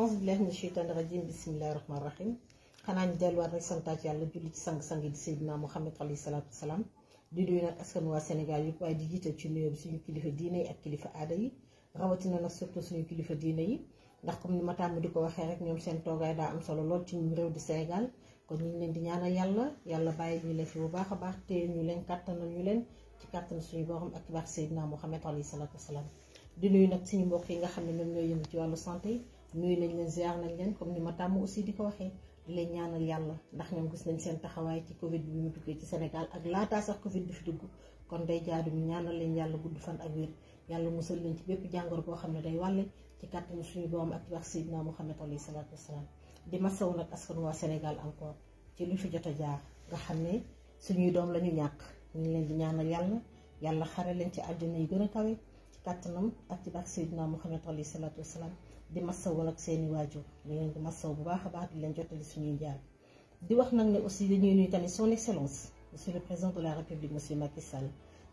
onze billahi mina sheytaani rajim bismillahi rahmaani rahim xanaa ñu delluwaat rek santaat yàlla julli ci sang-sang di Seydina Muhammad alayhi salaatu wasalaam di nuyu nag di jiital ci nuyoo bi kilifa diine kilifa aada yi rawatina nag surtout kilifa diine yi ndax comme di ko waxee rek ñoom seen toogaay daa am solo lool ci ñu réew di kon ñu ngi leen di ñaanal yàlla yàlla bàyyi ñu leen fi bu baax a baax te ñu leen kàttanal ñu leen ci kàttan suñu borom ak baax Seydina Muhammad alayhi salaatu wasalaam di nuyu nag suñu mbokk yi nga xam ne ñoom ñooy yëngu ci wàllu santé nuyu nañ leen ziar nañ leen comme ni ma tàmm aussi di ko waxee di leen ñaanal yàlla ndax ñoom gis nañ seen taxawaay ci Covid bi mu duggee ci Sénégal ak laataa sax Covid di fi dugg kon day jaadu ñu ñaanal leen yàlla gudd fan ak wér yàlla musal leen ci bépp jàngoro boo xam ne day wàlle ci kàttanu suñu borom ak ci wax Seydina Muhammad alayhi salaatu wasalaam di masaw nag askan waa Sénégal encore ci lu fi jot a jaar nga xam ne suñuy doom la ñu ñàkk ñu ngi leen di ñaanal yàlla yàlla xare leen ci àddina yi gën a kawe ci kàttanam ak ci baax Seydina Muhammad alayhi salaatu wasalaam di masawal ak seeni waajur ñu bu baax a baax di leen jottali suñuy njaal di wax nag ne aussi dañuy nuyu tamit son excellence monsieur le président de la république monsieur Macky Sall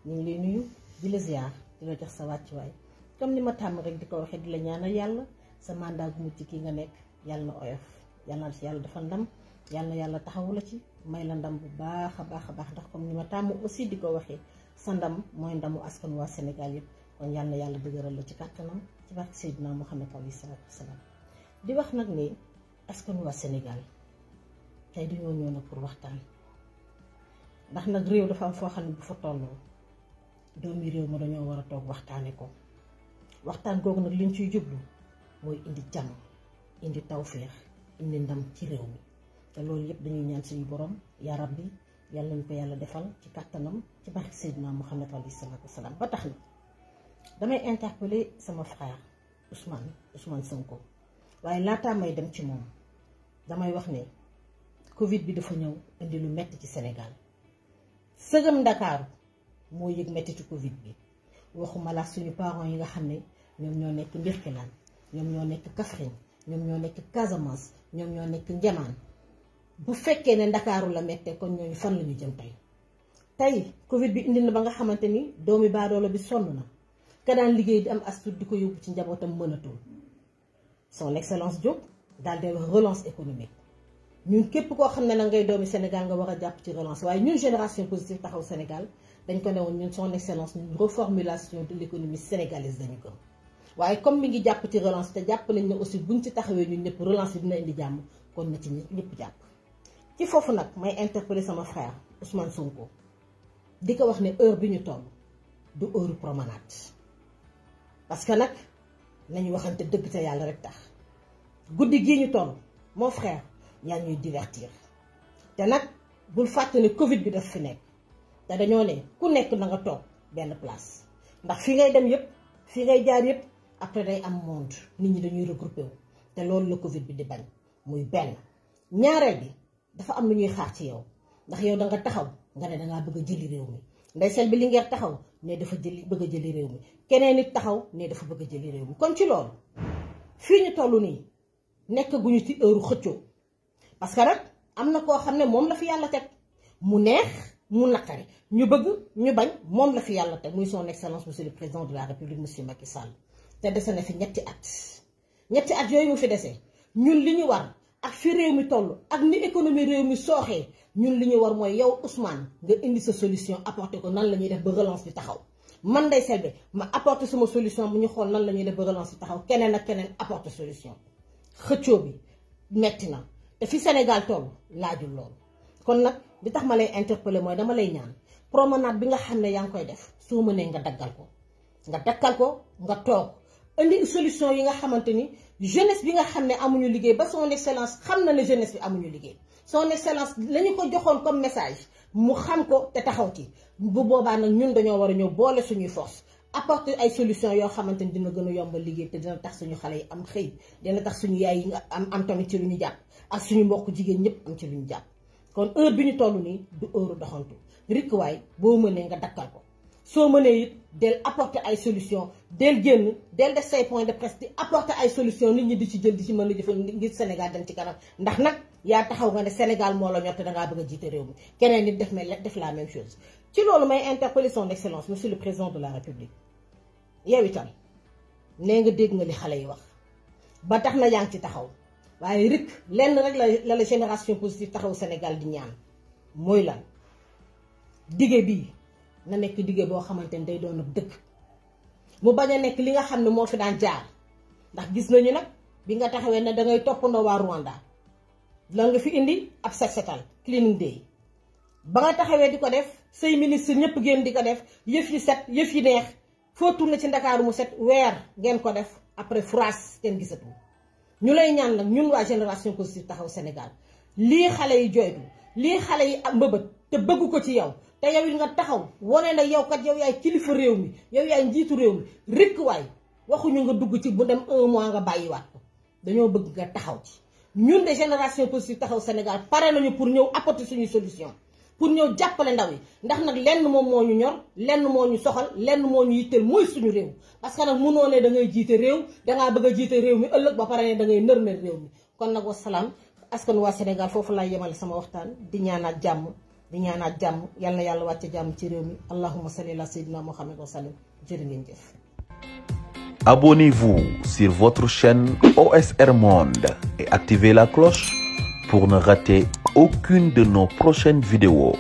ñu ngi lay nuyu di la ziar di la jox sa wàccuwaay comme ni ma tàmm rek di ko waxee di la ñaana yàlla sa mandat gu kii nga nekk yàlla na oyof yàlla na yàlla dafa ndam yàlla yàlla taxawu la ci may la ndam bu baax a baax a baax ndax comme ni ma tàmm aussi di ko waxee sa ndam mooy ndamu askan waa Sénégal yëpp. kon yal yàlla dëgëral la ci kàttanam ci barke Seydina Muhammad alayhi salaatu wasalaam di wax nag ne askan waa Sénégal tey dañoo ñëw na pour waxtaan ndax nag réew dafa foo xam ne bu fa tolloo doomi réew ma dañoo war a toog waxtaane ko waxtaan googu nag liñ ciy jublu mooy indi jàmm indi tawféex indi ndam ci réew mi te loolu yëpp dañuy ñaan borom yaa rabbi yàlla nañ yàlla defal ci kàttanam ci barke Seydina Muhammad alayhi salaatu wasalaam ba tax na damay interpeller sama frère Ousmane Ousmane Sonko waaye laataa may dem ci moom damay wax ne Covid bi dafa ñëw indi lu metti ci Sénégal sëgam Ndakaaru moo yëg metti ci Covid bi waxuma la suñu parents yi nga xam ne ñoom ñoo nekk Mbirkilaan ñoom ñoo nekk Kaffrine ñoom ñoo nekk Casamance ñoom ñoo nekk Njamaan bu fekkee ne Ndakaaru la mettee kon ñooñu fan la ñu jëm tey tey Covid bi indi na ba nga xamante ni doomi baadoola bi sonn na. ka daan liggéey di am astuce di ko yóbbu ci njabootam mënatul son excellence Diop daal di wax relance économique ñun képp koo xam ne na ngay doomi Sénégal nga war a jàpp ci relance waaye ñun génération positive taxaw Sénégal dañ ko ne woon ñun son excellence ñun reformulation de l'économie sénégalaise dañu ko waaye comme mi ngi jàpp ci relance te jàpp nañ ne aussi buñ ci taxawee ñun ñëpp relance bi dina indi jàmm kon na ci ñëpp jàpp ci foofu nag may interpeller sama frère Ousmane Sonko di ko wax ne heure bi ñu toll du heure parce que nag nañu waxante dëgg te yàlla rek tax guddi gii ñu toll mon frère ñaan ñuy divertir te nag bul fàtte ne Covid bi daf fi nekk te dañoo ne ku nekk na nga toog benn place ndax fi ngay dem yëpp fi ngay jaar yëpp après day am monde nit ñi dañuy regroupé te loolu la Covid bi di bañ muy benn ñaareel bi dafa am lu ñuy xaar ci yow ndax yow da nga taxaw nga ne da ngaa bëgg a jëli réew mi ndeysaan bi li ngeen taxaw. ne dafa jëli bëgg a jëli réew mi keneen it taxaw ne dafa bëgg a jëli réew mi kon ci loolu fii ñu toll nii nekk guñu ci heure xëccoo parce que nag am na koo xam ne moom la fi yàlla teg mu neex mu naqari ñu bëgg ñu bañ moom la fi yàlla teg muy son excellence monsieur le président de la république monsieur Macky Sall te dese na fi ñetti at ñetti at yooyu mu fi desee ñun li ñu war ak fi réew mi toll ak ni économie réew mi sooxee ñun li ñu war mooy yow Ousmane nga indi sa solution apporté ko nan la ñuy def ba relance bi taxaw man Ndeye Selbé ma apporté sama solution bu ñu xool nan la ñuy def ba relance bi taxaw keneen ak keneen apporté solution xëccoo bi metti na te fi Sénégal toll laajul loolu kon nag bi tax ma lay interpellé mooy dama lay ñaan promenade bi nga xam ne yaa ngi koy def soo mënee nga daggal ko nga daggal ko nga toog indi solution yi nga xamante ni jeunesse bi nga xam ne amuñu liggéey ba son excellence xam na ne jeunesse bi amuñu liggéey son excellence la ñu ko joxoon comme message mu xam ko te taxaw ci bu boobaa nag ñun dañoo war a ñëw boole suñuy force apporter ay solution yoo xamante ni dina gën a yombal liggéey te dina tax suñu xale yi am xëy dina tax suñu yaay yi am am tamit ci lu ñu jàpp ak suñu mbokk jigéen ñëpp am ci lu ñu jàpp kon heure bi ñu toll nii du heure doxantu rikk waay boo mënee nga dakkal ko. soo mënee it del apporter ay solution del génn del def say point de presse di apporter ay solution nit ñi di ci jël di ci mën a jëfal ngir Sénégal dem ci kanam ndax nag yaa taxaw nga ne Sénégal moo la ñor te dangaa bëgg a jiite réew mi keneen nit def may def la même chose ci loolu may interpeller son excellence monsieur le président de la république yow itam nee nga dégg nga li xale yi wax ba tax na yaa ngi ci taxaw waaye rek lenn rek la la génération positive taxaw Sénégal di ñaan mooy lan dige bii na nekk liggéey boo xamante ni day doon ab dëkk mu bañ a nekk li nga xam ne moo fi daan jaar ndax gis nañu nag bi nga taxawee ne dangay toppandoo waa Rwanda la nga fi indi ab sa setal cleaning day ba nga taxawee di ko def say ministre ñëpp génn di ko def yëf yi set yëf yi neex foo tourné ci ndakaaru mu set weer ngeen ko def après France kenn gisatu ñu lay ñaan nag ñun waa génération positive taxaw Sénégal lii xale yi jooytu lii xale yi mbëbët te bëgg ko ci yow te yow it nga taxaw wane na yow kat yow yaay kilifa réew mi yow yaay njiitu réew mi rikk waay waxuñu nga dugg ci bu dem un mois nga bàyyiwaat ko dañoo bëgg nga taxaw ci. ñun de génération positive taxaw Sénégal pare nañu pour ñëw apporter suñu solution pour ñëw jàppale ndaw yi ndax nag lenn moom moo ñu ñor lenn moo ñu soxal lenn moo ñu yitteel mooy suñu réew parce que nag mënoo ne da ngay jiite réew dangaa bëgg a jiite réew mi ëllëg ba pare ne da ngay nërmeel mi kon nag wasalaam askan waa Sénégal foofu laay yemale sama waxtaan di ñaanaat jàmm di ñaanaat jàmm yal na yàlla wàcce jàmm ci mi allahumma salli ala sayyidina muhammad wa sallim jërë ngeen Abonnez-vous sur votre chaîne OSR Monde et activez la cloche pour ne rater aucune de nos prochaines vidéos.